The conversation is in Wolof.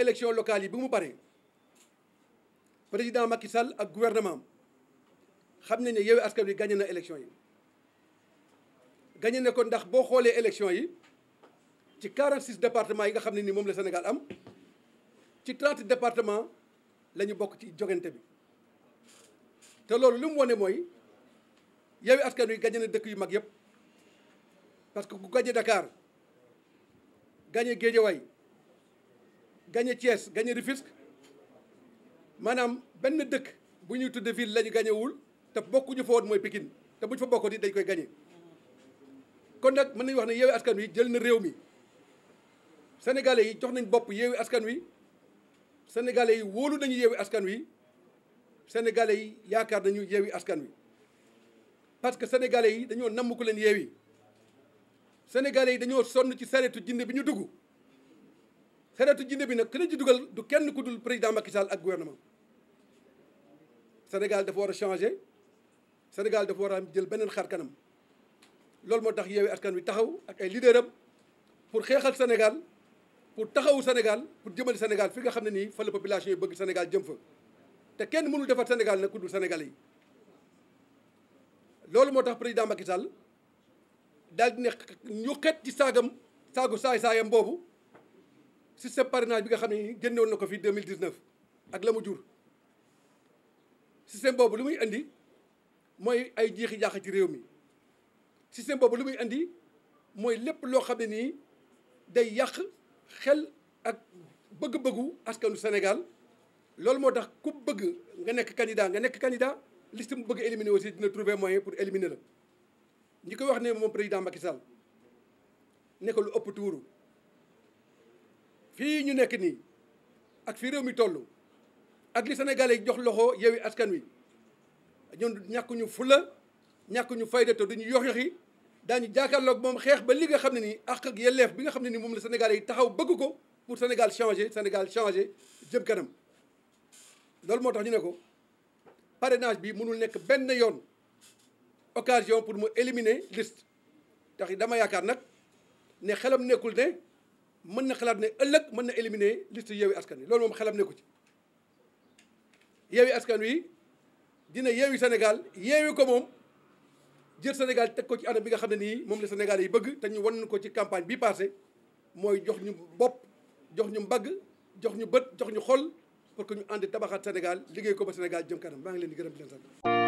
élection locale yi bu mu paree président Macky Sall ak gouvernement xam na ne Yewwi Askan Wi gagné na élection yi gagné na ko ndax boo xoolee élection yi ci 46 départements yi nga xam ne ni moom la Sénégal am ci 30 départements la ñu bokk ci jogante bi te loolu li wone mooy Yewwi Askan Wi gagné na dëkk yu mag yëpp parce que ku gagné Dakar gagné Guédiawaye gagné Thiès gagné Rufisque maanaam benn dëkk bu ñuy tudd ville lañu ñu te bokkuñu fa woon mooy Pikine te buñ fa bokkoon di dañ koy gagné kon nag mën nañu wax ne yeewi askan wi jël na réew mi sénégalais yi jox nañ bopp yeewi askan wi sénégalais yi wóolu nañu yeewi askan wi sénégalais yi yaakaar nañu yeewi askan wi parce que sénégalais yi dañoo namm leen yeewi sénégalais yi dañoo sonn ci saretu jinne bi ñu dugg xeretu jinne bi nag ki la ci dugal du kenn ku dul président Macky Sall ak gouvernement Sénégal dafa war a changer Sénégal dafa war a jël beneen xar kanam loolu moo tax yeewi askan wi taxaw ak ay leader am pour xeexal Sénégal pour taxawu Sénégal pour jëmale Sénégal fi nga xam ne nii fa la population yi bëgg Sénégal jëm fa te kenn mënul defar Sénégal nag ku dul Sénégalais yi loolu moo tax président Macky Sall daal di ne ñu xet ci saagam saagu saay-saayam boobu système parrainage bi nga xam ne génne woon na ko fi 2019 ak la mu jur système boobu lu muy indi mooy ay jiixi ci réew mi système boobu lu muy indi mooy lépp loo xam ne nii day yàq xel ak bëgg-bëggu askanu senegal loolu moo tax ku bëgg nga nekk candidat nga nekk candidat liste mu bëgg éliminer aussi dina trouver moyen pour éliminer la ñi koy wax ne moom président Macky Sall ne lu ëpp tuuru fii ñu nekk nii ak fi réew mi toll ak li Sénégalais yi jox loxo Yewwi Askan Wi ñun ñu fula ñàkkuñu fayda te duñu yox yoxi daañu jàkkaarloog moom xeex ba li nga xam ne nii ak ak yelleef bi nga xam ne nii moom la Sénégalais yi taxaw bëgg ko pour Sénégal changé Sénégal changer jëm kanam loolu moo tax ñu ne ko parrainage bi mënul nekk benn yoon occasion pour mu éliminer liste tax dama yaakaar nag ne xelam nekkul ne. mën na xalaat ne ëllëg mën na éliminer liste yeewi askan wi loolu moom xelam ne ko ci yeewi askan wi dina yeewi Sénégal yeewi ko moom jël Sénégal teg ko ci anam bi nga xam ne nii moom la Sénégal yi bëgg te ñu wan ko ci campagne bi passé mooy jox ñu bopp jox ñu mbagg jox ñu bët jox ñu xol pour que ñu ànd tabaxaat Sénégal liggéey ko ba Sénégal jëm kanam maa ngi leen di gërëm di leen sant